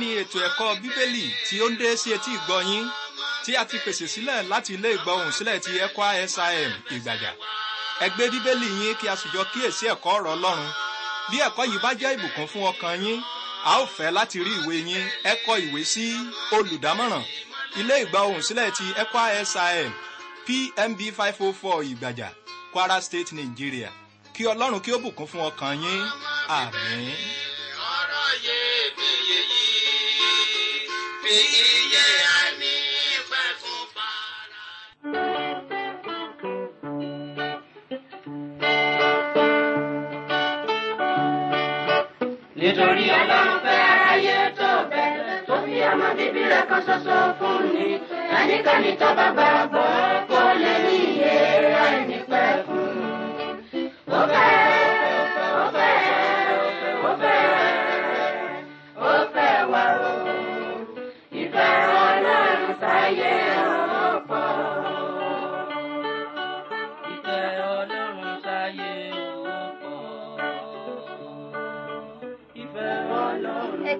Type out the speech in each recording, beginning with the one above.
ni ètò ẹ̀kọ́ bíbélì tí ó ń dé sí etí ìgbọ́ yín tí a ti pèsè sílẹ̀ láti ilé ìgbọ́hùn sílẹ̀ ti ECWA SIM Ìgbàjà ẹ gbé bíbélì yín kí a sì jọ kíyèsí ẹ̀kọ́ ọ̀rọ̀ Ọlọ́run bí ẹ̀kọ́ yìí bá jẹ́ ìbùkún fún ọkàn yín a ó fẹ́ láti rí ìwé yín ẹ ìwé sí olùdámọ̀ràn ilé ìgbọ́hùn sílẹ̀ ti ECWA SIM PMB 504 Ìgbàjà Kwara State Nigeria kí Ọlọ́run kí ó bùkún fún ọkàn yín àmín. nítorí ọlọ́run fẹ́ ayé tó bẹ́ tó fi ọmọ kasa rẹ̀ kan ṣoṣo baba. ni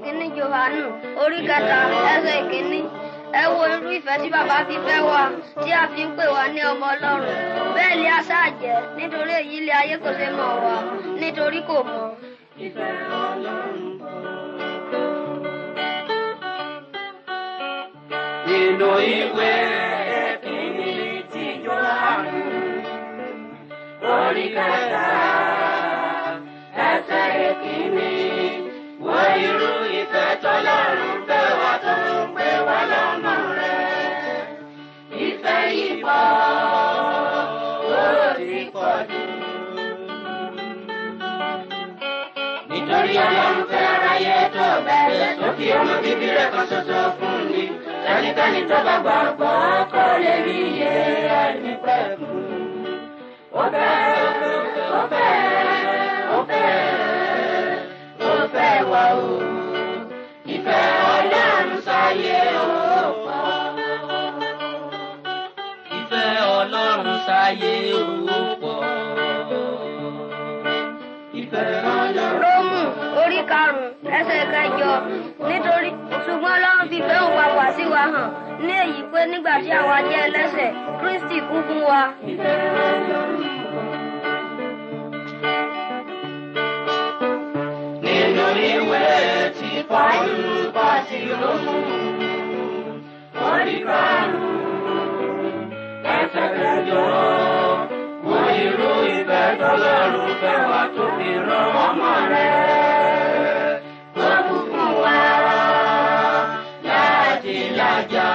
kínní Johanu, orí kẹta ẹsẹ̀ kínní ẹ wo irú ìfẹ́ tí bàbá fi fẹ́ wa tí a fi ń pè wá ní ọmọ ọlọ́run bẹ́ẹ̀ ni a ṣáà nítorí èyí ayé mọ̀ nítorí kò mọ irú Nítorí ọlọ́run fẹ́ aráyé tó bẹ̀rẹ̀ sókè ọmọ bíbí rẹ̀ kan ṣoṣo fún ni. Ẹnikẹ́ni tó bá gbàgbọ́ kó lè rí iye ẹni pẹ̀kú. Ó fẹ́ ó fẹ́ ó fẹ́ wa o. Ìfẹ́ Ọlọ́run sáyé o pọ̀. Ìfẹ́ Ọlọ́run sáyé o pọ̀. Ìfẹ́ Ọlọ́run. Rómù orí karùn-ún ẹsẹ̀ kẹjọ nítorí ṣùgbọ́n Ọlọ́run fi fẹ́ òun papà sí wa hàn ní èyí pé nígbà tí àwa jẹ́ ẹlẹ́ṣẹ̀ Kristi kú fún wa. Ìfẹ́ Ọlọ́run. Ọlọ́run fẹ́ wá tó fi rán ọmọ rẹ̀. Tó kú fún wa láti lájà.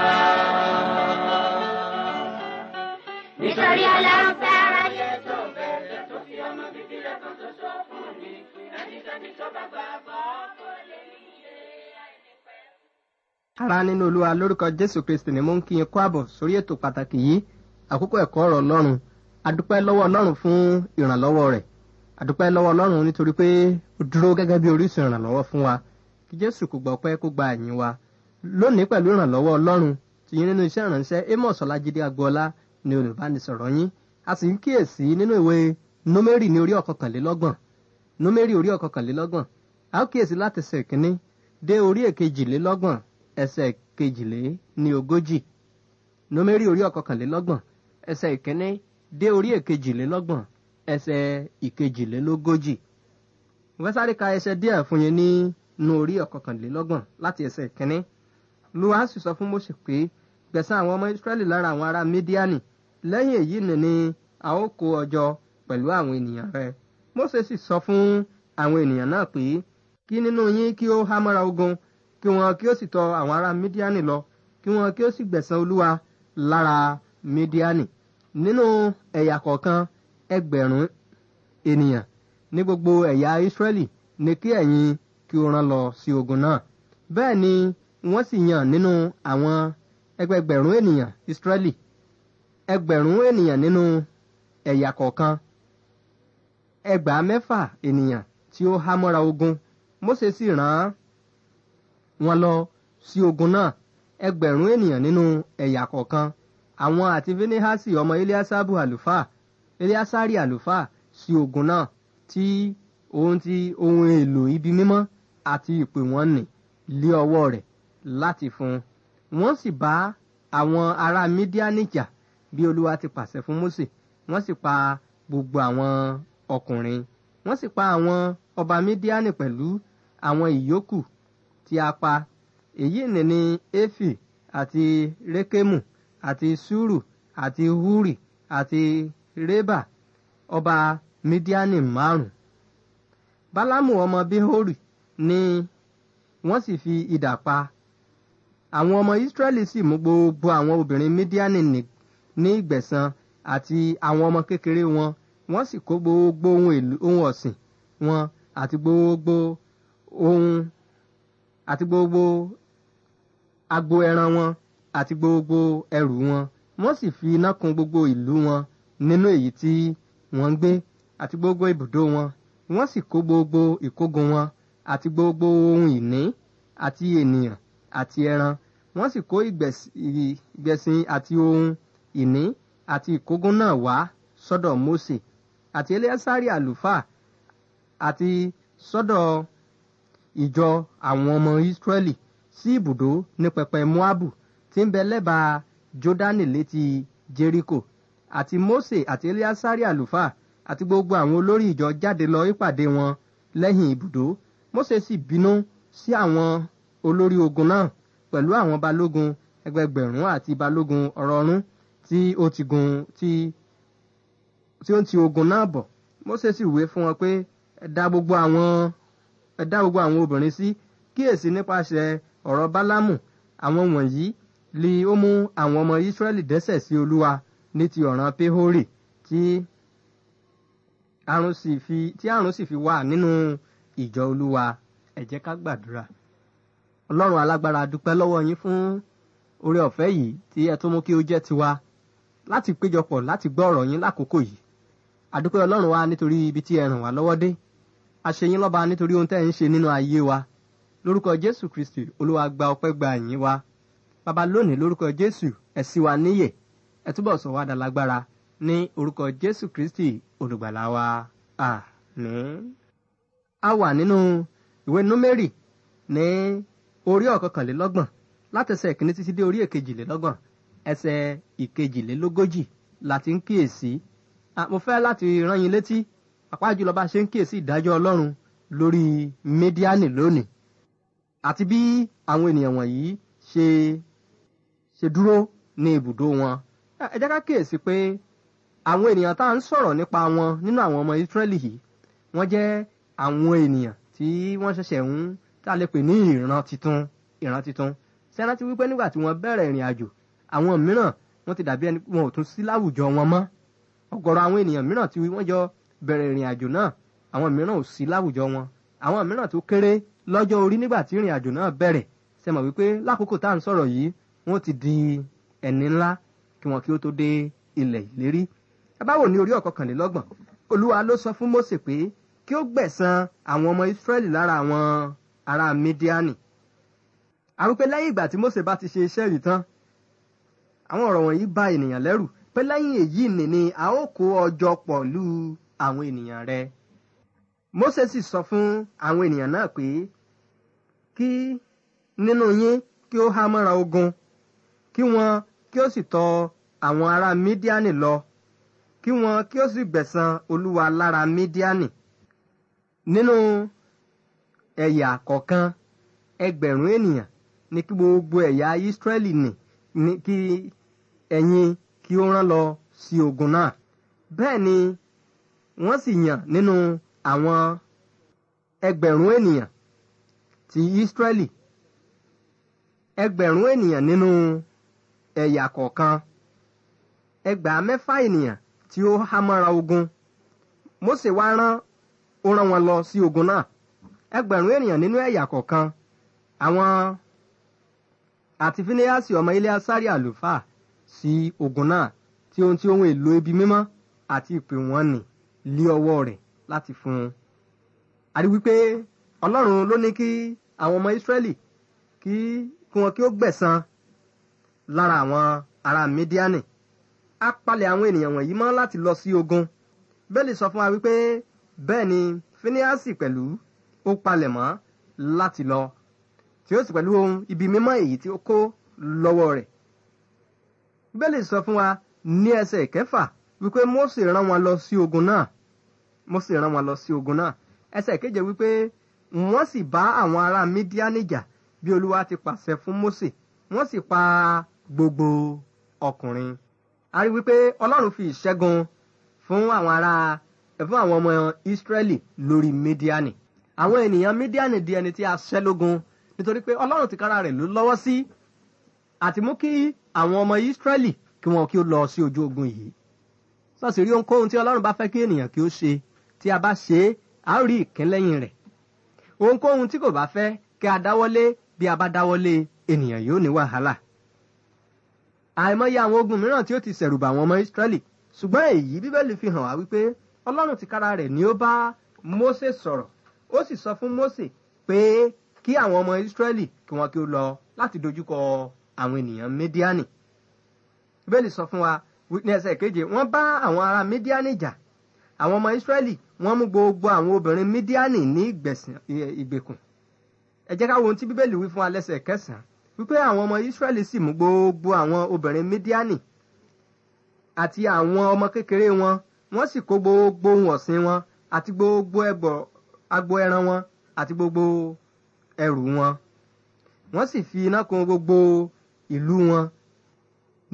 Nítorí aláǹ. ara nínú olúwa lórúkọ jésù kristi ni mo ń kí yín kó àbọ̀ sórí ètò pàtàkì yìí àkókò ẹ̀kọ́ ọ̀rọ̀ ọlọ́run adúpẹ́ lọ́wọ́ ọlọ́run fún ìrànlọ́wọ́ rẹ̀ adúpẹ́ lọ́wọ́ ọlọ́run nítorí pé ó dúró gẹ́gẹ́ bí orísun ìrànlọ́wọ́ fún wa kí jésù kò gbọ́ pé kó gba àyìn wa lónìí pẹ̀lú ìrànlọ́wọ́ ọlọ́run ti yín nínú iṣẹ́ ìrànṣẹ́ amos ọlájídé agboola ni olùbánisọ̀rọ̀ yín a sì ń kíyèsí nínú ìwé númérì ní orí ọ̀kọ̀kànlélọ́gbọ̀n númérì orí ọ̀kọ̀kànlélọ́gbọ̀n a ó kíyèsí láti ṣe dé orí èkejìlélọ́gbọ̀n ẹsẹ̀ kejìlé ní ogójì nómérì orí ọ̀kọ̀kànlélọ́gbọ̀n ẹsẹ̀ ìkíní dé orí èkejìlélọ́gbọ̀n ẹsẹ̀ ìkejìlélógójì wọ́n sáré ka ẹsẹ̀ díẹ̀ fún yín ní nu orí ọ̀kọ̀kànlélọ́gbọ̀n láti ẹsẹ̀ ìkíní Olúwa sì sọ fún Mósè pé gbẹ̀san àwọn ọmọ Ísírẹ́lì lára àwọn ará Mídíánì lẹ́yìn èyí nìní a ó kó ọjọ́ pẹ̀lú àwọn ènìyàn rẹ Mósè sì sọ fún àwọn ènìyàn náà pé kí nínú yín kí ó há mọ́ra ogun kí wọn kí ó sì tọ àwọn ará mídíánì lọ kí wọn kí ó sì gbẹ̀san olúwa lára mídíánì nínú ẹ̀yà kọ̀ọ̀kan ẹgbẹ̀rún ènìyàn ní gbogbo ẹ̀yà ìsírẹ́lì ní kí ẹ̀yin kí ó rán lọ sí ogun náà bẹ́ẹ̀ ni wọ́n sì yàn nínú àwọn ẹgbẹgbẹ̀rún ènìyàn ìsírẹ́lì ẹgbẹ̀rún ènìyàn nínú ẹ̀yà kọ̀ọ̀kan ẹgbàá mẹ́fà ènìyàn tí ó há mọ́ra ogun Mósè sì rán wọn lọ sí ogun náà ẹgbẹ̀rún ènìyàn nínú ẹ̀yà kọ̀ọ̀kan àwọn àti finehasi ọmọ eliasabu àlùfáà eliasari àlùfáà sí ogun náà tí ohun ti ohun èlò ibi mímọ́ àti ìpè wọn nì lé ọwọ́ rẹ̀ láti fún un wọ́n sì bá àwọn ará mídíánì jà bí olúwa ti pàṣẹ fún Mósè wọ́n sì pa gbogbo àwọn ọkùnrin wọ́n sì pa àwọn ọba mídíánì pẹ̀lú àwọn ìyókù àti apa èyí nìní éfì àti rékémù àti sùúrù àti húrì àti rébà ọba mídíánì márùn. bálámù ọmọ bíhórì ni wọ́n sì fi idà pa àwọn ọmọ ìsírẹ́lì sì mú gbogbo àwọn obìnrin mídíánì ní ìgbẹ̀san àti àwọn ọmọ kékeré wọn wọ́n sì kó gbogbo ohun èlò ohun ọ̀sìn wọn àti gbogbo ohun àti gbogbo agbo ẹran wọn àti gbogbo ẹrù wọn wọ́n sì fi iná kun gbogbo ìlú wọn nínú èyí tí wọ́n ń gbé àti gbogbo ibùdó wọn wọ́n sì kó gbogbo ìkógun wọn àti gbogbo ohun ìní àti ènìyàn àti ẹran wọ́n sì kó ìgbẹ̀sìn àti ohun ìní àti ìkógun náà wá sọ́dọ̀ Mósè àti Eléásárì àlùfáà àti sọ́dọ̀ ìjọ àwọn ọmọ Ísírẹ́lì sí ibùdó ní pẹpẹ Móábù tí ń bẹ lẹ́bàá Jọ́dánì létí Jẹ́ríkò àti Mósè àti Eliasari àlùfáà àti gbogbo àwọn olórí ìjọ jáde lọ ìpàdé wọn lẹ́yìn ibùdó Mósè sì bínú sí àwọn olórí ogun náà pẹ̀lú àwọn balógun ẹgbẹgbẹ̀rún àti balógun ọ̀rọ̀ọ̀rún tí ó ti gun tí tí ó ti ogun náà bọ̀ Mósè sì wé fún wọn pé ẹ dá gbogbo àwọn ẹ dá gbogbo àwọn obìnrin sí kíyèsí nípasẹ̀ ọ̀rọ̀ bálámù àwọn wọ̀nyí li ó mú àwọn ọmọ Ísírẹ́lì dẹ́ṣẹ̀ sí Olúwa ní ti ọ̀ràn Péhórì tí àrùn sì fi tí àrùn sì fi wà nínú ìjọ Olúwa ẹ jẹ́ ká gbàdúrà Ọlọ́run alágbára dúpẹ́ lọ́wọ́ yín fún oore ọ̀fẹ́ yìí tí ẹ tó mú kí ó jẹ́ tiwa láti péjọpọ̀ láti gbọ́ ọ̀rọ̀ yín lákòókò yìí àdúpẹ́ Ọlọ́run wa nítorí ibi tí ẹ ràn wá lọ́wọ́ dé àṣeyín lọ́ba nítorí ohun tẹ́ ẹ̀ ń ṣe nínú ayé wa lórúkọ jésù kristi olúwa gba ọpẹ́ gba ẹ̀yìn wa bàbá lónìí lórúkọ jésù ẹ̀ ṣí wa níyè ẹ̀ túbọ̀ sọ wá dalágbára ní orúkọ jésù kristi olùgbàlà wa àmín. a wà nínú ìwé númérì ní orí ọ̀kọ̀kànlélọ́gbọ̀n látẹsẹ̀ ìkíní títí dé orí èkejìlélọ́gbọ̀n ẹsẹ̀ ìkejìlélógójì láti ń kíyèsí mo fẹ́ láti rán yín létí pàápàá jùlọ bá ṣe ń kíyèsí ìdájọ́ ọlọ́run lórí mídíánì lónìí àti bí àwọn ènìyàn wọ̀nyí ṣe ṣe dúró ní ibùdó wọn ẹ jẹ́ ká kíyèsí pé àwọn ènìyàn tá à ń sọ̀rọ̀ nípa wọn nínú àwọn ọmọ Ísírẹ́lì yìí wọ́n jẹ́ àwọn ènìyàn tí wọ́n ṣẹ̀ṣẹ̀ ń tá a lè pè ní ìran titun ìran titun sẹ́rántí wípé nígbà tí wọ́n bẹ̀rẹ̀ ìrìn àjò àwọn mìíràn wọ́n ti dàbí ẹni wọn ò tún sí láwùjọ wọn mọ́ ọ̀gọ̀rọ̀ àwọn ènìyàn mìíràn tí wọ́n jọ bẹ̀rẹ̀ ìrìn àjò náà àwọn mìíràn ò sí láwùjọ wọn àwọn mìíràn tó kéré lọ́jọ́ orí nígbà tí ìrìn àjò náà bẹ̀rẹ̀ ṣe mọ̀ wípé lákòókò tá à ń sọ̀rọ̀ yìí wọ́n ti di ẹni ńlá kí wọn kí ó tó dé ilẹ̀ ìlérí abáwo ní orí ọ̀kọ̀kànlélọ́gbọ̀n olúwa ló sọ fún Mósè pé kí ó gbẹ̀san àwọn ọmọ Ísírẹ́lì lára àwọn ará Mídíánì àrùpẹ́ lẹ́yìn ìgbà tí Mósè bá ti ṣe iṣẹ́ yìí tán àwọn ọ̀rọ̀ wọ̀nyí bà ènìyàn lẹ́rù pé lẹ́yìn èyí nìní a àwọn ènìyàn rẹ Mósè sì sọ fún àwọn ènìyàn náà pé kí nínú yín kí ó há mọ́ra ogun kí wọn kí ó sì tọ̀ àwọn ará Mídíánì lọ kí wọn kí ó sì gbẹ̀san Olúwa lára Mídíánì nínú ẹ̀yà kọ̀ọ̀kan ẹgbẹ̀rún ènìyàn ní kí gbogbo ẹ̀yà Ísírẹ́lì nì kí ẹ̀yin kí ó rán lọ sí ogun náà bẹ́ẹ̀ ni wọ́n sì yàn nínú àwọn ẹgbẹ̀rún ènìyàn ti Ísírẹ́lì ẹgbẹ̀rún ènìyàn nínú ẹ̀yà kọ̀ọ̀kan ẹgbàá mẹ́fà ènìyàn tí ó há mọ́ra ogun Mósè wá rán ó rán wọn lọ sí ogun náà ẹgbẹ̀rún ènìyàn nínú ẹ̀yà kọ̀ọ̀kan àwọn àti Fínéásì ọmọ Eléásárì àlùfáà sí ogun náà tí ohun tí ohun èlò ibi mímọ́ àti ìpè wọn nì lé ọwọ́ rẹ̀ láti fún un. a rí wípé ọlọ́run ló ní kí àwọn ọmọ Ísírẹ́lì kí kí wọn kí ó gbẹ̀san lára àwọn ará Mídíánì á palẹ̀ àwọn ènìyàn wọ̀nyí mọ́ láti lọ sí ogun bẹ́ẹ̀lì sọ fún wa wípé bẹ́ẹ̀ ni Fíníásì pẹ̀lú ó palẹ̀ mọ́ láti lọ tí ó sì pẹ̀lú ohun ibi mímọ́ èyí tí ó kó lọ́wọ́ rẹ̀ bẹ́ẹ̀lì sọ fún wa ní ẹsẹ̀ kẹfà wípé Mósè rán wọn lọ sí ogun náà mo sì rán wọn lọ sí ogun náà ẹsẹ̀ keje wípé wọ́n sì bá àwọn ará Mídíánì jà bí Olúwa ti pàṣẹ fún Mósè wọ́n sì pa gbogbo ọkùnrin a rí wípé Ọlọ́run fi ìṣẹ́gun fún àwọn ará fún àwọn ọmọ Ísírẹ́lì lórí Mídíánì àwọn ènìyàn Mídíánì di ẹni tí a ṣẹ́ lógun nítorí pé Ọlọ́run tìkára rẹ̀ ló lọ́wọ́ sí àti mú kí àwọn ọmọ Ísírẹ́lì kí wọn kí ó lọ sí ojú ogun yìí sọ́ọ̀sì rí ohunkóhun tí Ọlọ́run bá fẹ́ kí ènìyàn kí ó ṣe tí a bá ṣe é a ó rí ìkín rẹ̀ ohunkóhun tí kò bá fẹ́ kí a dáwọ́lé bí a bá dáwọ́lé ènìyàn yóò ní wàhálà àìmọye àwọn ogun mìíràn tí ó ti ṣẹ̀rùbà àwọn ọmọ Ísírẹ́lì ṣùgbọ́n èyí bíbélì fi hàn wá wípé Ọlọ́run tìkára rẹ̀ ni ó bá Mósè sọ̀rọ̀ ó sì sọ fún Mósè pé kí àwọn ọmọ Ísírẹ́lì kí wọ́n kí ó lọ láti dojúkọ àwọn ènìyàn Mídíánì bíbélì sọ fún wa ní ẹsẹ̀ keje wọ́n bá àwọn ará Mídíánì jà àwọn ọmọ Ísírẹ́lì wọ́n mú gbogbo àwọn obìnrin Mídíánì ní ìgbèkùn ẹ jẹ́ ká wo ohun tí Bíbélì wí fún wa lẹ́sẹ̀ kẹsàn-án wípé àwọn ọmọ Ísírẹ́lì sì mú gbogbo àwọn obìnrin Mídíánì àti àwọn ọmọ kékeré wọn wọ́n sì kó gbogbo ohun ọ̀sìn wọn àti gbogbo ẹbọ agbo ẹran wọn àti gbogbo ẹrù wọn wọ́n sì fi iná kun gbogbo ìlú wọn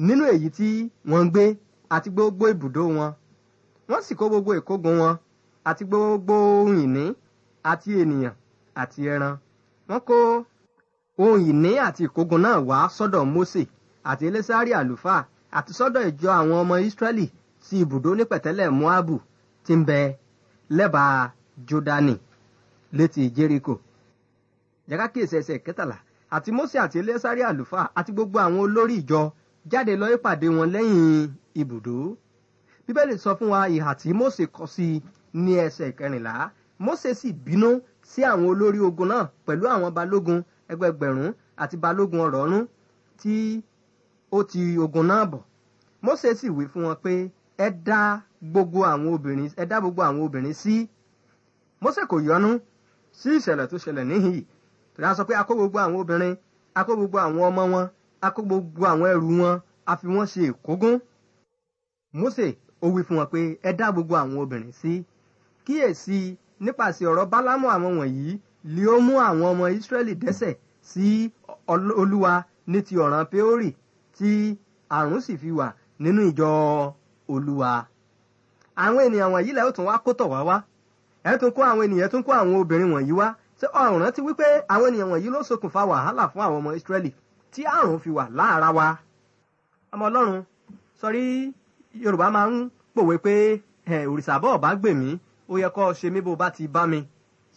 nínú èyí tí wọ́n gbé àti gbogbo ibùdó wọn wọ́n sì kó gbogbo ìkógun wọn àti gbogbo ohun ìní àti ènìyàn àti ẹran wọ́n kó ohun ìní àti ìkógun náà wá sọ́dọ̀ Mósè àti elésárì àlùfáà àti sọ́dọ̀ ìjọ àwọn ọmọ Ísírẹ́lì sí ibùdó ní pẹ̀tẹ́lẹ̀ Moabu tí ń bẹ lẹ́bàá Jọ́dánì létí Jẹ́ríkò jẹ́kákìsì ẹsẹ̀ kẹtàlá àti Mósè àti elésárì àlùfáà àti gbogbo àwọn olórí ìjọ jáde lọ ìpàdé wọn lẹ́yìn ibùdó bíbélì sọ fún wa ìhà tí Mósè kọ sí i ní ẹsẹ̀ kẹrìnlá Mósè sì bínú sí àwọn olórí ogun náà pẹ̀lú àwọn balógun ẹgbẹgbẹ̀rún àti balógun ọ̀rọ̀ọ̀rún tí ó ti ogun náà bọ̀ Mósè sì wí fún wọn pé ẹ dá gbogbo àwọn obìnrin ẹ dá gbogbo àwọn obìnrin sí Mósè kò yọnu sí ìṣẹ̀lẹ̀ tó ṣẹlẹ̀ níhìn torí a sọ pé a kó gbogbo àwọn obìnrin a gbogbo àwọn ọmọ wọn a gbogbo àwọn ẹrù wọn a fi wọn ṣe ìkógún Mósè ó wí fún wọn pé ẹ dá gbogbo àwọn obìnrin sí kíyèsí nípasẹ̀ ọ̀rọ̀ bálámù àwọn wọ̀nyí ni ó mú àwọn ọmọ ìsírẹ́lì dẹ́ṣẹ̀ sí olúwa ní ti ọ̀ràn péórì tí àrùn sì fi wà nínú ìjọ olúwa àwọn ènìyàn wọ̀nyí lẹ́yìn tún wá kó tọ̀ wá wá ẹ tún kó àwọn ènìyàn tún kó àwọn obìnrin wọ̀nyí wá ṣé ọ̀ràn ti wípé àwọn ènìyàn wọ̀nyí ló ṣokùnfà wàhálà fún àwọn ọmọ ìsírẹ́lì tí àrùn fi wà láàárá wa ọmọ ọlọ́run sọrí yorùbá máa ń pòwe pé òrìṣà bọ́ọ̀ bá gbè mí ó yẹ kó ṣe mí bó bá ti bá mi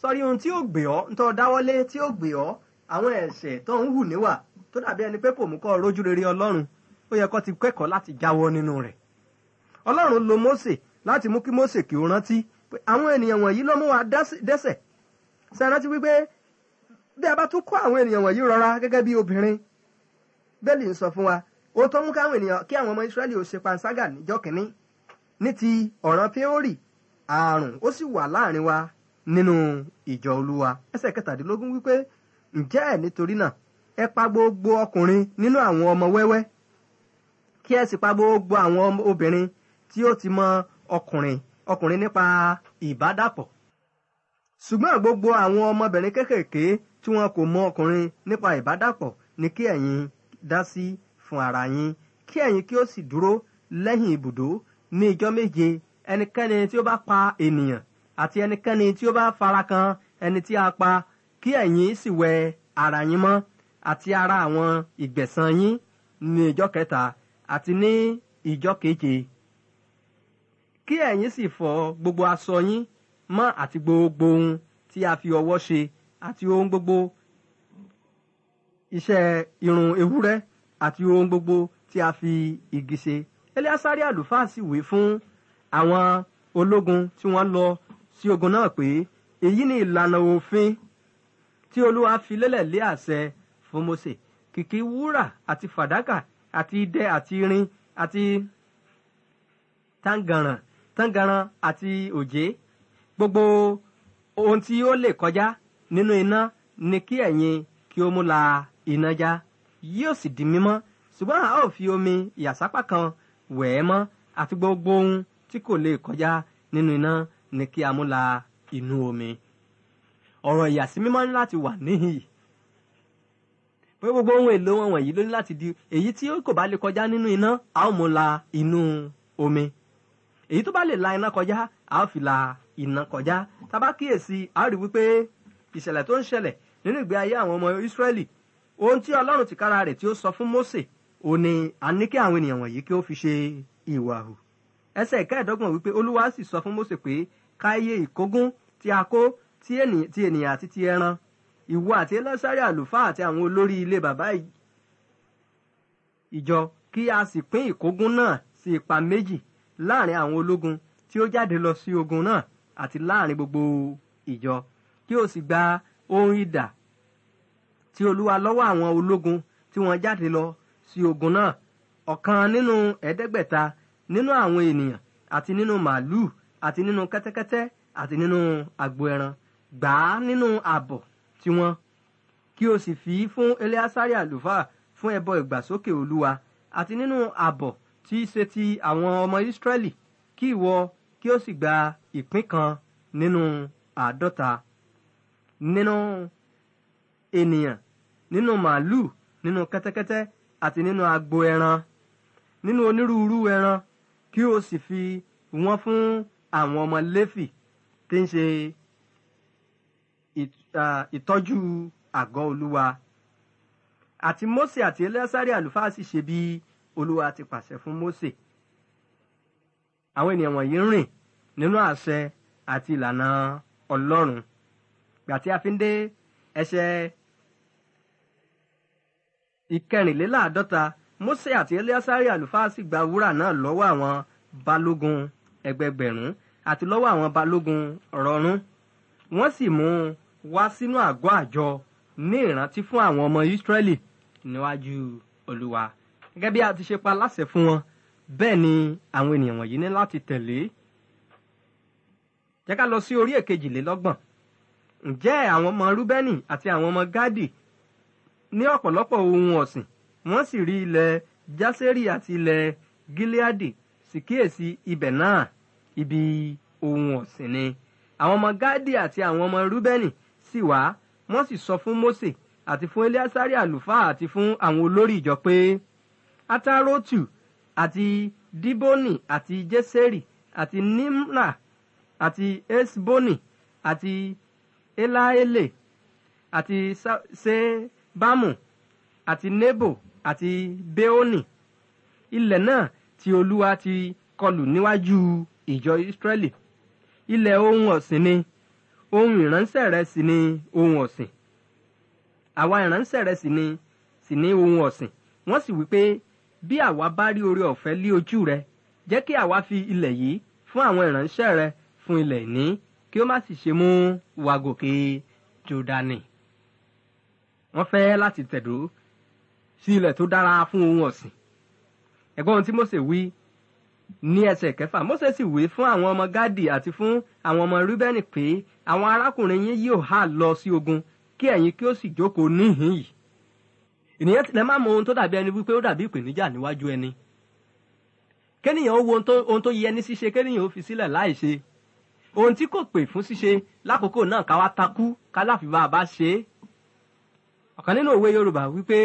sọrí ohun tí ó gbè ọ́ ntọ́ dáwọ́lé tí ó gbè ọ́ àwọn ẹ̀ṣẹ̀ tó ń hù níwà tó dàbí ẹni pé kò mú kó rójú rere ọlọ́run ó yẹ kó ti kẹ́kọ̀ọ́ láti jáwọ́ nínú rẹ̀ ọlọ́run lo Mósè láti mú kí Mósè kí ó rántí pé àwọn ènìyàn wọ̀nyí ló mú wa dẹ́ṣẹ̀ ṣe rántí wípé bí a bá tún kọ́ àwọn ènìyàn wọ̀nyí rọra gẹ́gẹ́ bí obìnrin bẹ́ẹ̀lì ń sọ fún wa ó tó mú káwọn ènìyàn kí àwọn ọmọ israeli ò se panṣágà níjọ́ kínní ní ti ọ̀ràn péórì ààrùn ó sì wà láàrin wa nínú ìjọ olúwa ẹsẹ̀ kẹtàdínlógún wípé ǹjẹ́ ẹ̀ nítorí ẹ pa gbogbo ọkùnrin nínú àwọn ọmọ wẹ́wẹ́ kí gbogbo àwọn obìnrin tí ó ti mọ ọkùnrin ọkùnrin nípa ìbádàpọ̀ gbogbo àwọn ọmọbìnrin kéékèèké tí wọn kò mọ ọkùnrin nípa ìbádàpọ̀ ni kí ẹ̀yin fún ara yín kí ẹ̀yin kí ó sì dúró lẹ́yìn ibùdó ní ijọ́ méje ẹnikẹ́ni tí ó bá pa ènìyàn àti ẹnikẹ́ni tí ó bá farakan ẹni tí a pa kí ẹ̀yin sì wẹ ara yín mọ́ àti ara àwọn ìgbẹ̀san yín ní ijọ́ kẹta àti ní ijọ́ keje kí ẹ̀yin sì fọ gbogbo aṣọ yín mọ́ àti gbogbo ohun tí a fi ọwọ́ ṣe àti ohun gbogbo iṣẹ́ irun ewúrẹ́ àti ohun gbogbo tí a fi igi ṣe eléasárì àlùfáà sì wí fún àwọn ológun tí wọ́n lọ sí ogun náà pé èyí ni ìlànà òfin tí olúwa fi lélẹ̀ lé àṣẹ fún Mósè kìkì wúrà àti fàdákà àti idẹ àti irin àti tangaran tangaran àti òjé gbogbo ohun tí ó lè kọjá nínú iná ni kí ẹ̀yin kí ó mú iná já yóò sì di mímọ́ ṣùgbọ́n a ó fi omi ìyàsápá kan wẹ̀ ẹ́ mọ́ àti gbogbo ohun tí kò lè kọjá nínú iná ni kí a mú la inú omi ọ̀rọ̀ ìyàsímímọ́ ní láti wà níhìn pé gbogbo ohun èlò wọn wọ̀nyí ló ní láti di èyí tí kò bá lè kọjá nínú iná a ó mú la inú omi èyí tó bá lè la iná kọjá a ó fi la iná kọjá tá bá kíyèsí a rí wípé ìṣẹ̀lẹ̀ tó ń ṣẹlẹ̀ nínú ìgbé ayé àwọn ọmọ Ísírẹ́lì ohun tí ọlọ́run tìkára rẹ̀ tí ó sọ fún Mósè ò ní a ní kí àwọn ènìyàn wọ̀nyí kí ó fi ṣe ìwà hù ẹsẹ̀ ìkẹẹ̀dọ́gbọ̀n wípé olúwa sì sọ fún Mósè pé káyé ìkógún tí a kó ti ènìyàn àti ti ẹran ìwọ àti ẹlẹ́sàrí àlùfáà àti àwọn olórí ilé bàbá ìjọ kí a sì pín ìkógún náà sí ipa méjì láàrin àwọn ológun tí ó jáde lọ sí ogun náà àti láàrin gbogbo ìjọ kí o sì gba ohun idà ti olúwa lọ́wọ́ àwọn ológun tí wọ́n jáde lọ sí ogun náà ọ̀kan nínú ẹ̀ẹ́dẹ́gbẹ̀ta nínú àwọn ènìyàn àti nínú màálùú àti nínú kẹ́tẹ́kẹ́tẹ́ àti nínú agbo ẹran gbà á nínú àbọ̀ tiwọn kí o sì fi fún eleasari àlùfáà fún ẹbọ ìgbàsókè olúwa àti nínú àbọ̀ tí í ṣe ti àwọn ọmọ israẹli kí ìwọ kí o sì gba ìpín kan nínú àádọ́ta nínú ènìyàn nínú màálùú nínú kẹ́tẹ́kẹ́tẹ́ àti nínú agbo ẹran nínú onírúurú ẹran kí o sì fi wọ́n fún àwọn ọmọ léfì tí ń ṣe ìtọ́jú àgọ́ olúwa àti Mósè àti Eléásárì àlùfáà sì ṣe bí olúwa ti pàṣẹ fún Mósè àwọn ènìyàn wọ̀nyí ń rìn nínú àṣẹ àti ìlànà ọlọ́run gbàtí a fi ń dé ẹsẹ̀ ìkẹrìnléláàádọ́ta Mósè àti Eléásárì àlùfáà sì gba wúrà náà lọ́wọ́ àwọn balógun ẹgbẹgbẹ̀rún àti lọ́wọ́ àwọn balógun rọ̀rún wọ́n sì mú un wá sínú àgọ́ àjọ ní ìrántí fún àwọn ọmọ Ísírẹ́lì níwájú Olúwa gẹ́gẹ́ bí a ti ṣe pa láṣẹ fún wọn bẹ́ẹ̀ ni àwọn ènìyàn wọ̀nyí ní láti tẹ̀lé jẹ́ ká lọ sí orí èkejìlélọ́gbọ̀n ǹjẹ́ àwọn ọmọ Rúbẹ́nì àti àwọn ọmọ Gádì ní ọ̀pọ̀lọpọ̀ ohun ọ̀sìn wọ́n sì rí ilẹ̀ jásẹ́rì àti ilẹ̀ gíláàdì sì kíyèsí ibẹ̀ náà ibi ohun ọ̀sìn ni àwọn ọmọ gáàdì àti àwọn ọmọ rúbẹ́nì sì wá wọ́n sì sọ fún mósè àti fún eléásárì àlùfáà àti fún àwọn olórí ìjọ pé atarotu àti diboni àti jeseri àti nimna àti esboni àti elaele àti se bámù àti nebo àti beoni ilẹ̀ náà tí olúwa ti kọlù níwájú ìjọ israẹli ilẹ̀ ohun ọ̀sìn ni ohun ìránṣẹ́ rẹ sì ni ohun ọ̀sìn àwa ìránṣẹ́ rẹ sì ni sì ni ohun ọ̀sìn wọ́n sì wí pé bí àwa bá rí oore ọ̀fẹ́ lé ojú rẹ jẹ́ kí àwa fi ilẹ̀ yìí fún àwọn ìránṣẹ́ rẹ fún ilẹ̀ ìní kí ó má sì ṣe mú wa gòkè jòdánì wọ́n fẹ́ láti tẹ̀dó sí ilẹ̀ tó dára fún ohun ọ̀sìn ẹ̀gbọ́n ohun tí Mósè wí ní ẹsẹ̀ kẹfà Mósè sì wí fún àwọn ọmọ Gádì àti fún àwọn ọmọ Rúbẹ́nì pé àwọn arákùnrin yín yóò hà lọ sí ogun kí ẹ̀yin kí ó sì jókòó níhìn yìí ènìyàn tilẹ̀ máa mọ ohun tó dàbí ẹni wípé ó dàbí ìpèníjà níwájú ẹni kéènìyàn ó wo ohun tó yẹ ní ṣíṣe kéènìyàn ó fi sílẹ̀ láì ohun tí kò pè fún ṣíṣe lákòókò náà ká takú ká láfi bá a bá ṣe é ọ̀kan nínú òwe yorùbá wípé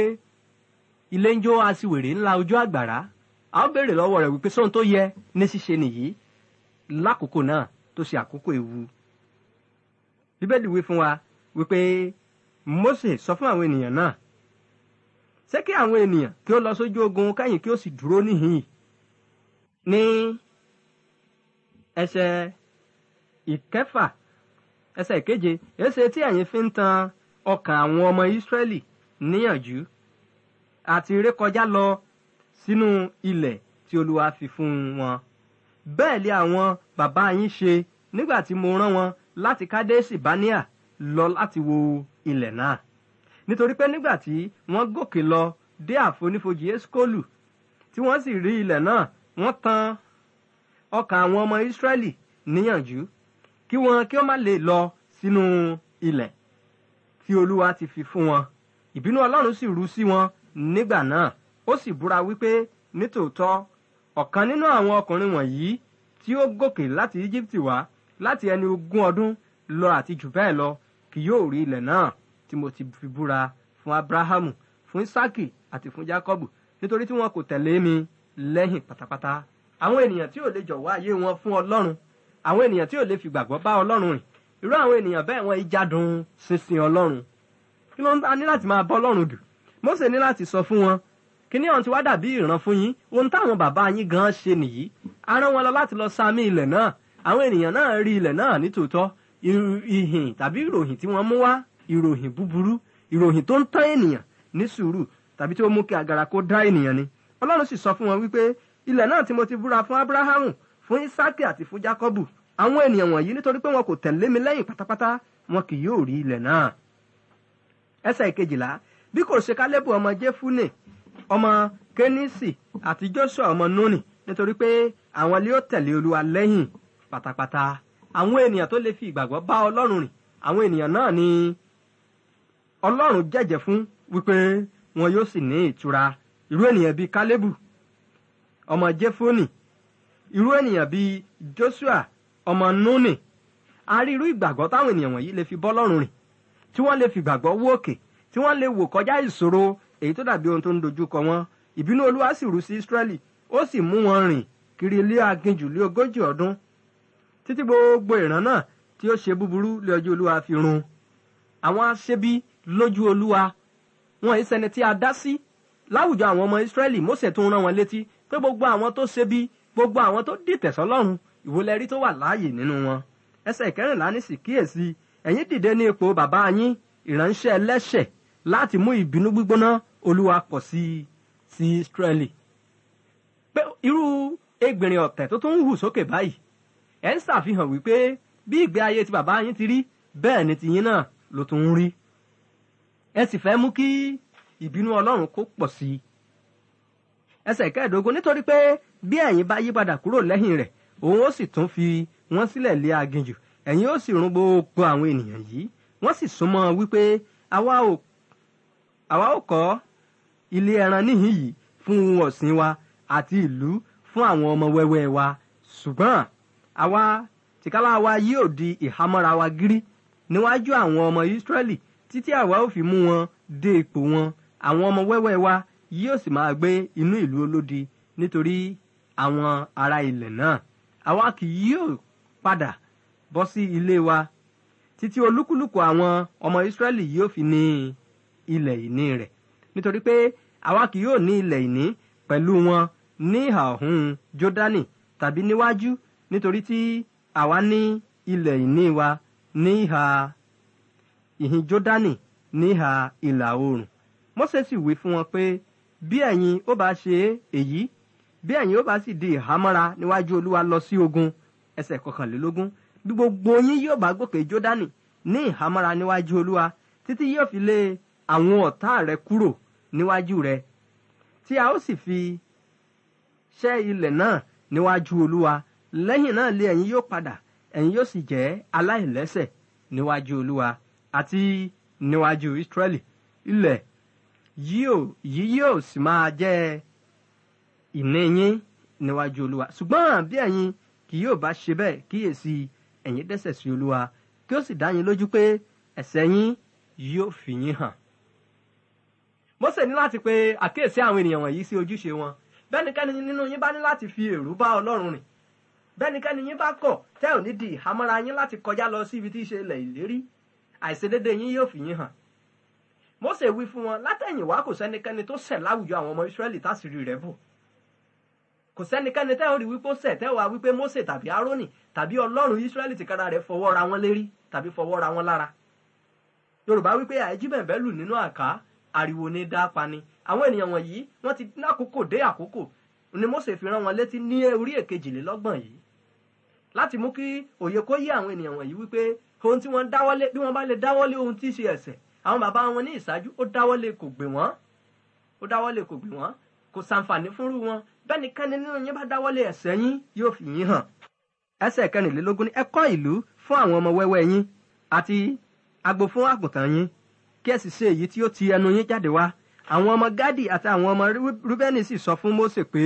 ilé ń jó aṣiwèrè ńlá ojú àgbàrá a ó béèrè lọ́wọ́ rẹ̀ wípé sóhun tó yẹ ní ṣíṣe nìyí lákòókò náà tó ṣe àkókò ewu bíbélì wí fún wa wípé Mósè sọ fún àwọn ènìyàn náà ṣé kí àwọn ènìyàn kí ó lọ sójú ogun kí ó sì dúró níhìn ní ìkẹfà ìkeje èsè tí fi ń tan ọkàn àwọn ọmọ Ísírẹ́lì níyànjú àti rékọjá lọ sínú ilẹ̀ tí Olúwa fi fún wọn bẹ́ẹ̀ lé àwọn bàbá yín ṣe nígbà tí mo rán wọn láti Kádésì Báníà lọ láti wo ilẹ̀ náà nítorí pé nígbà tí wọ́n gòkè lọ dé àfonífojì Eskolu tí wọ́n sì rí ilẹ̀ náà wọ́n tan ọkàn àwọn ọmọ Ísírẹ́lì níyànjú kí wọn kí ó má lè lọ sínú ilẹ̀ tí olúwa ti fi fún wọn ìbínú ọlọ́run sì rú sí wọn nígbà náà ó sì búra wípé nítòótọ́ ọ̀kan nínú àwọn ọkùnrin wọ̀nyí tí ó gòkè láti íjíbítì wá láti ẹni ogún ọdún lọ àti jù bẹ́ẹ̀ lọ kì yóò rí ilẹ̀ náà tí mo ti fi búra fún abrahamu fún isaki àti fún jacob nítorí tí wọn kò tẹ̀lé mi lẹ́yìn pátápátá àwọn ènìyàn tí ò lè jọ̀wọ́ ayé wọn fún ọlọ́run àwọn ènìyàn tí ò lè fìgbàgbọ́ bá ọlọ́run rìn irú àwọn ènìyàn bẹ́ẹ̀ wọ́n ìjádùn sísìn ọlọ́run kí ló ń ta ní láti máa bọ́ ọlọ́run dù Mósè ní láti sọ fún wọn kíní ọ̀hún ti wá dàbí ìran fún yín ohun táwọn bàbá yín gan ṣe nìyí arán wọn lọ láti lọ sami ilẹ̀ náà àwọn ènìyàn náà rí ilẹ̀ náà nítòótọ́ ìhìn tàbí ìròyìn tí wọ́n mú wá ìròyìn búburú ìròyìn tó ń tán ènìyàn ní sùúrù tàbí tí ó mú kí àgàrà kó dá ènìyàn ni ọlọ́run sì sọ fún wọn wípé ilẹ̀ náà tí mo ti búra fún abrahamu fún isaki àti fún jacobu àwọn ènìyàn wọ̀nyí nítorí pé wọn kò tẹ̀lé mi lẹ́yìn pátápátá wọn kì yóò rí ilẹ̀ náà. ẹsẹ̀ ìkejìlá bí kò ṣe kálẹ́bù ọmọ jẹ́fúnè ọmọ kẹ́nísì àti joshua ọmọ nuni nítorí pé àwọn lè tẹ̀lé olúwa lẹ́yìn pátápátá àwọn ènìyàn tó lè fi ìgbàgbọ́ bá ọlọ́run rìn àwọn ènìyàn náà ni ọlọ́run jẹ́jẹ́ fún wípé wọn yóò sì ní ìtura irú ènìyàn bíi kálẹ́bù ọmọ jẹ́fúnì irú ènìyàn bíi joshua ọmọ núnì a rí irú ìgbàgbọ́ táwọn ènìyàn wọ̀nyí lè fi bọ́ lọ́rùn rìn tí wọ́n lè fi ìgbàgbọ́ wó òkè tí wọ́n lè wò kọjá ìṣòro èyí tó dàbí ohun tó ń dojúkọ wọn ìbínú olúwa sì rú sí Ísírẹ́lì ó sì mú wọn rìn kiri ilé aginjù lé ogójì ọdún títí gbogbo ìran náà tí ó ṣe búburú lé ojú olúwa fi run àwọn aṣebi lójú olúwa wọn èyí sẹni tí a dá sí láwùjọ àwọn ọmọ Ísírẹ́lì Mósè tún rán wọn létí pé gbogbo àwọn tó ṣebi gbogbo àwọn tó dìtẹ̀ sọ́lọ́run ìwòlẹ́rí tó wà láàyè nínú wọn ẹsẹ̀ ìkẹrìnlá ní sì kíyèsí ẹ̀yin dìde ní ipò bàbá yín ìránṣẹ́ ẹlẹ́ṣẹ̀ láti mú ìbínú gbígbóná olúwa pọ̀ sí i sí Ísírẹ́lì. pé irú egbìnrin ọ̀tẹ̀ tó tún ń hù sókè báyìí ẹ̀ ń ṣàfihàn wípé bí ìgbé ayé ti bàbá yín ti rí bẹ́ẹ̀ ni tiyín náà ló tún ń rí. ẹ sì fẹ́ mú kí ìbínú ọlọ́run kó pọ̀ sí i. ẹsẹ̀ kẹ́ẹ̀dógún nítorí pé bí ẹ̀yin bá yí padà kúrò lẹ́yìn rẹ̀ òun ó sì tún fi wọ́n sílẹ̀ lé aginjù ẹ̀yin ó sì run gbogbo àwọn ènìyàn yìí wọ́n sì súnmọ́ wípé àwa ò kọ́ ilé ẹran níhìn yìí fún ọ̀sìn wa àti ìlú fún àwọn ọmọ wẹ́wẹ́ wa ṣùgbọ́n àwa tìkálà wa yóò di ìhámọ́ra wa gírí níwájú àwọn ọmọ Ísírẹ́lì títí àwa ó fi mú wọn dé ipò wọn àwọn ọmọ wẹ́wẹ́ wa yóò sì máa gbé inú ìlú olódi nítorí àwọn ará ilẹ̀ náà àwa kì yóò padà bọ́ sí ilé wa títí olúkúlùkù àwọn ọmọ Ísírẹ́lì yóò fi ní ilẹ̀ ìní rẹ̀ nítorí pé àwa kì yóò ní ilẹ̀ ìní pẹ̀lú wọn ní ìhà ọ̀hún tàbí níwájú nítorí tí àwa ní ilẹ̀ ìní wa ní ìhà ìhìn Jọ́dánì ní ìhà ìlà oòrùn Mósè sì wí fún wọn pé bí ẹ̀yin ó bá ṣe èyí bí ẹ̀yin ó bá sì di ìhámọ́ra níwájú olúwa lọ sí ogun ẹsẹ̀ kọkànlélógún bí gbogbo yín yóò bá gòkè jódánì ní ìhámọ́ra níwájú olúwa títí yóò fi lé àwọn ọ̀tá rẹ kúrò níwájú rẹ tí a ó sì fi ṣẹ́ ilẹ̀ náà níwájú olúwa lẹ́yìn náà lé ẹ̀yin yóò padà ẹ̀yin yóò sì jẹ́ aláìlẹ́sẹ̀ níwájú olúwa àti níwájú Ísírẹ́lì ilẹ̀ yíò yóò sì máa jẹ́ ìní yín níwájú olúwa ṣùgbọ́n bí ẹ̀yin kì yóò bá ṣe bẹ́ẹ̀ kíyèsí ẹ̀yin dẹ́ṣẹ̀ sí olúwa kí ó sì dá yín lójú pé ẹ̀ṣẹ̀ yín yóò fi yín hàn. Mósè ní láti pe àkíyèsí àwọn ènìyàn wọ̀nyí sí ojúṣe wọn bẹ́nikẹ́ni nínú yín bá ní láti fi èrú bá ọlọ́run rìn bẹ́nikẹ́ni yín bá kọ̀ tẹ́ ò ní di ìhámọ́ra yín láti kọjá lọ sí ibi tí í ṣe ilẹ̀ ìlérí àìṣedédé yín yóò fi yín hàn. Mósè wí fún wọn látẹ̀yìnwá kò sẹ́nikẹ́ni tó ṣẹ̀ láwùjọ àwọn ọmọ Ísírẹ́lì tásìrí rẹ̀ bò kò sẹ́nikẹ́ni tẹ́ ò rí wípé ó ṣẹ̀ tẹ́ wàá wípé Mósè tàbí Árónì tàbí Ọlọ́run Ísírẹ́lì tìkára rẹ̀ fọwọ́ ra wọn lérí tàbí fọwọ́ ra wọn lára Yorùbá wípé àìjíbẹ̀bẹ̀ lù nínú àká ariwo ní dápa ni àwọn ènìyàn wọ̀nyí wọ́n ti lákòókò dé àkókò ni Mósè fi rán wọn létí ní orí èkejìlélọ́gbọ̀n yìí láti mú kí òye kó yé àwọn ènìyàn wọ̀nyí wípé ohun tí wọ́n dáwọ́lé bí wọ́n bá lè dáwọ́lé ohun tí í ṣe ẹ̀ṣẹ̀ àwọn bàbá wọn ní ìṣáájú ó dáwọ́lé kò gbè wọ́n ó dáwọ́lé kò gbè wọ́n kò sàǹfààní fúnrú wọn bẹ́nikẹ́ni nínú yín bá dáwọ́lé ẹ̀ṣẹ̀ yín yóò fi yín hàn ẹsẹ̀ kẹrìnlélógún ní ẹ kọ́ ìlú fún àwọn ọmọ wẹ́wẹ́ yín àti agbo fún àgùntàn yín kí ẹ sì ṣe èyí tí ó ti ẹnu yín jáde wá àwọn ọmọ gádì àti àwọn ọmọ rúbẹ́nì sì sọ fún Mósè pé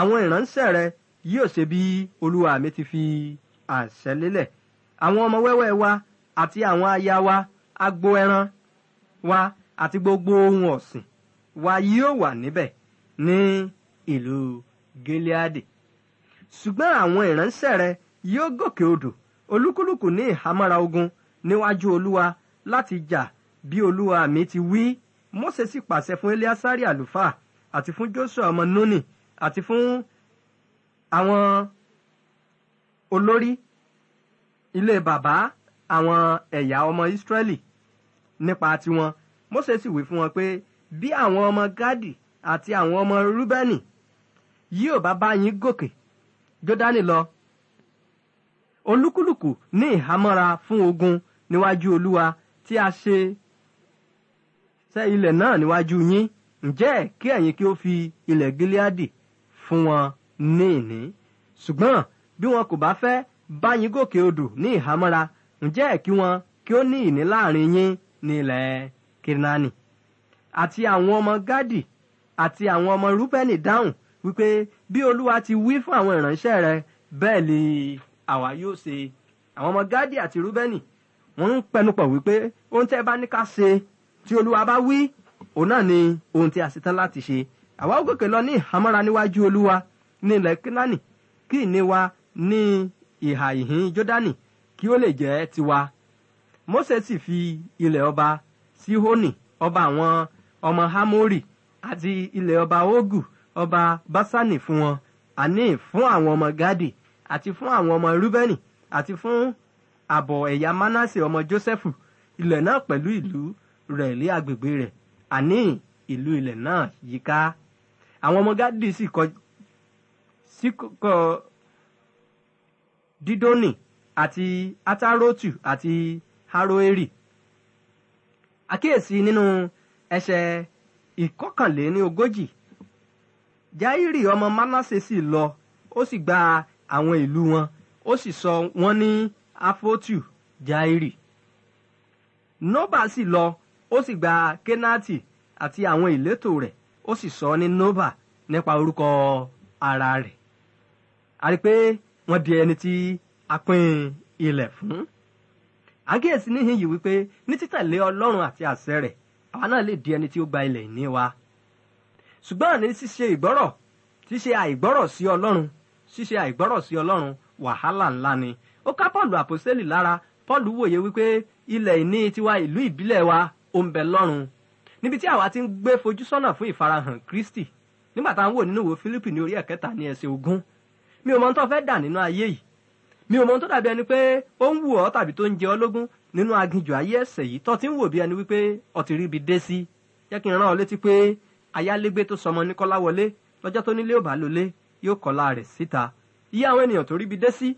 àwọn ìránṣẹ́ rẹ yóò ṣe bí olúwa mi ti fi àṣẹ lélẹ̀ àwọn ọmọ wẹ́wẹ́ wa àti àwọn aya wa agbo ẹran wa àti gbogbo ohun ọ̀sìn wa yóò wà níbẹ̀ ní. Ni ìlú gileadi ṣùgbọ́n àwọn ìránṣẹ́ rẹ yóò gòkè odò olúkúlùkù ní ìhámọ́ra ogun níwájú olúwa láti jà bí olúwa mi ti wí mósè sì pàṣẹ fún eleasari àlùfáà àti fún joshua ọmọ nuni àti fún àwọn olórí ilé bàbá àwọn ẹ̀yà ọmọ israẹli nípa tiwọn mósè sì wí fún wọn pé bí àwọn ọmọ gadi àti àwọn ọmọ rúbẹ́nì yóò bá bá yín gòkè Jọ́dánì lọ olúkúlùkù ní ìhámọ́ra fún ogun níwájú Olúwa tí a ṣe ṣe ilẹ̀ náà níwájú yín ǹjẹ́ kí ẹ̀yin kí ó fi ilẹ̀ Gileadi fún wọn ní ìní ṣùgbọ́n bí wọn kò bá fẹ́ bá yín gòkè odò ní ìhámọ́ra ǹjẹ́ kí wọn kí ó ní ìní láàrin yín ní ilẹ̀ Kírínánì àti àwọn ọmọ Gádì àti àwọn ọmọ Rúbẹ́nì dáhùn wípé bí olúwa ti wí fún àwọn ìránṣẹ́ rẹ̀ bẹ́ẹ̀ ni àwa yóò ṣe àwọn ọmọ gádì àti rúbẹ́nì wọ́n ń pẹnupọ̀ wípé ohun tí ẹ bá ní ká ṣe tí olúwa bá wí òun náà ni ohun tí a ṣetán láti ṣe àwa ó gòkè lọ ní ìhámọ́ra níwájú olúwa ní ilẹ̀ kínánì kí ìní ní ìhà ìhín jọ́dánì kí ó lè jẹ́ tiwa mósè sì fi ilẹ̀ ọba síhónì ọba àwọn ọmọ hámórì àti ilẹ̀ ọba ógù ọba basani fún wọn àní fún àwọn ọmọ gádì àti fún àwọn ọmọ rúbẹ́nì àti fún àbọ̀ ẹ̀yà mánásì ọmọ jósẹ́fù ilẹ̀ náà pẹ̀lú ìlú rẹ̀ lé agbègbè rẹ̀ àní ìlú ilẹ̀ náà yíká àwọn ọmọ gádì sì kọ dídónì àti atarótù àti haroeri àkíyèsí nínú ẹsẹ̀ ìkọkànléní ogójì jáírì ọmọ manasse sì lọ ó sì gba àwọn ìlú wọn ó sì sọ wọ́n ní afotu jáírì nọ́bà sì lọ ó sì gba kenati àti àwọn ìletò rẹ̀ ó sì sọ ní nọ́bà nípa orúkọ ara rẹ̀ a rí i pé wọ́n di ẹni tí a pín ilẹ̀ fún àgẹ́sì níhìn yìí wípé ní títẹ̀lé ọlọ́run àti àṣẹ rẹ̀ àwa náà lè di ẹni tí ó gba ilẹ̀ ìní wa ṣùgbọ́n ní ṣíṣe ìgbọ́rọ̀ ṣíṣe àìgbọ́rọ̀ sí ọlọ́run ṣíṣe àìgbọ́rọ̀ sí ọlọ́run wàhálà ńlá ni ó ká pọ́ọ̀lù àpòsẹ́lì lára pọ́ọ̀lù wòye wípé ilẹ̀ ìní tiwa ìlú ìbílẹ̀ wa ó ń bẹ lọ́run níbi tí àwa ti ń gbé fojúsọ́nà fún ìfarahàn kristi nígbà tá à ń wò nínú ìwé fílípì ní orí ẹ̀kẹta ní ẹsẹ̀ ogún mi ò mọ tó fẹ́ dà nínú ayé yìí mi ò mọ tó dàbí ẹni pé ó ń wù ọ́ tàbí tó ń jẹ ọ́ lógún nínú aginjù ayé ẹ̀sẹ̀ yìí tó ti ń wò bí ẹni wípé ó ti rí ibi dé sí jẹ́ kí n rán ọ létí pé ayálégbé tó sọmọ Níkọ́lá wọlé lọ́jọ́ tó nílé ò bá lólé yóò kọ́lá rẹ̀ síta iye àwọn ènìyàn tó ríbi dé sí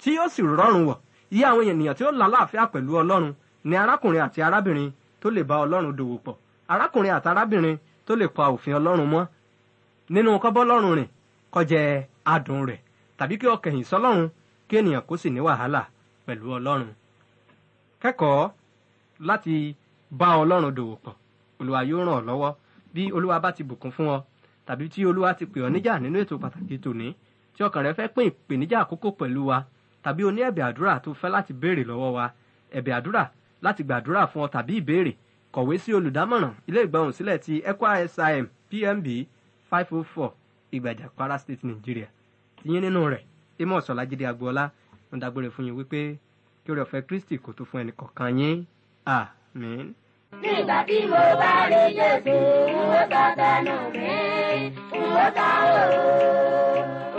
tí yóò sì rọrùn wọ̀ iye àwọn ènìyàn tí ó lálàáfíà pẹ̀lú Ọlọ́run ni arákùnrin àti arábìnrin tó lè bá Ọlọ́run dòwò pọ̀ arákùnrin àti arábìnrin tó lè pa òfin Ọlọ́run mọ́ nínú kọ́bọ́lọ́run rìn kọjẹ adùn rẹ̀ tàbí kí ọkẹ̀yìn sọ́lọ́run kí ènìyàn kó sì ní wàhálà pẹ̀lú Ọlọ́run kẹ́kọ̀ọ́ láti bá Ọlọ́run dòwò pọ̀ Olúwa yóò ràn ọ́ lọ́wọ́ bí olúwa bá ti bùkún fún ọ tàbí tí olúwa ti pè ọ níjà nínú ètò pàtàkì tòní tí ọkàn rẹ fẹ́ pín ìpèníjà àkókò pẹ̀lú wa tàbí o ní ẹ̀bẹ̀ àdúrà tó fẹ́ láti béèrè lọ́wọ́ wa ẹ̀bẹ̀ àdúrà láti gbàdúrà fún ọ tàbí ìbéèrè kọ̀wé sí olùdámọ̀ràn ilé ìgbohùnsílẹ̀ ti ECWA SIM PMB five oh four ìgbàjà Kwara State Nigeria tiyín nínú rẹ̀ Amos Ọlájídé Agboola ń dágbére fún yín wípé kí oore ọ̀fẹ́ Kristi kó tó fún ẹnì kọ̀ọ̀kan yín àmín. Ah, nígbà tí mo bá rí Jésù n ó ta tẹnu mi n ooo.